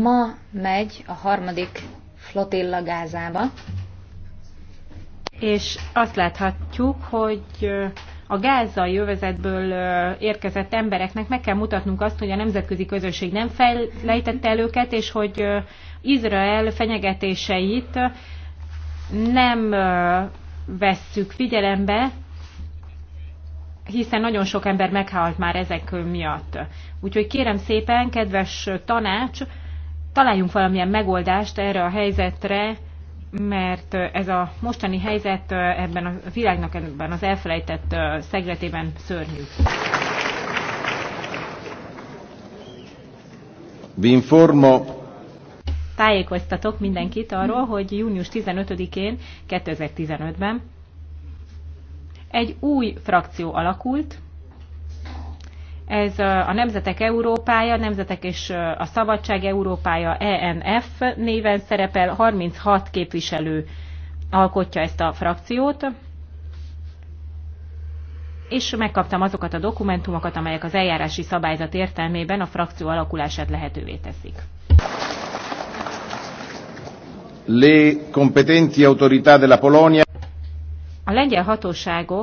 Ma megy a harmadik flotilla Gázába. És azt láthatjuk, hogy a gázai jövezetből érkezett embereknek meg kell mutatnunk azt, hogy a nemzetközi közösség nem fejlejtette el őket, és hogy Izrael fenyegetéseit nem vesszük figyelembe, hiszen nagyon sok ember meghalt már ezek miatt. Úgyhogy kérem szépen, kedves tanács, találjunk valamilyen megoldást erre a helyzetre, mert ez a mostani helyzet ebben a világnak, ebben az elfelejtett szegletében szörnyű. informo. Tájékoztatok mindenkit arról, hogy június 15-én 2015-ben egy új frakció alakult, ez a Nemzetek Európája, Nemzetek és a Szabadság Európája ENF néven szerepel, 36 képviselő alkotja ezt a frakciót, és megkaptam azokat a dokumentumokat, amelyek az eljárási szabályzat értelmében a frakció alakulását lehetővé teszik. Le competenti autorità della Polonia. A lengyel hatóságok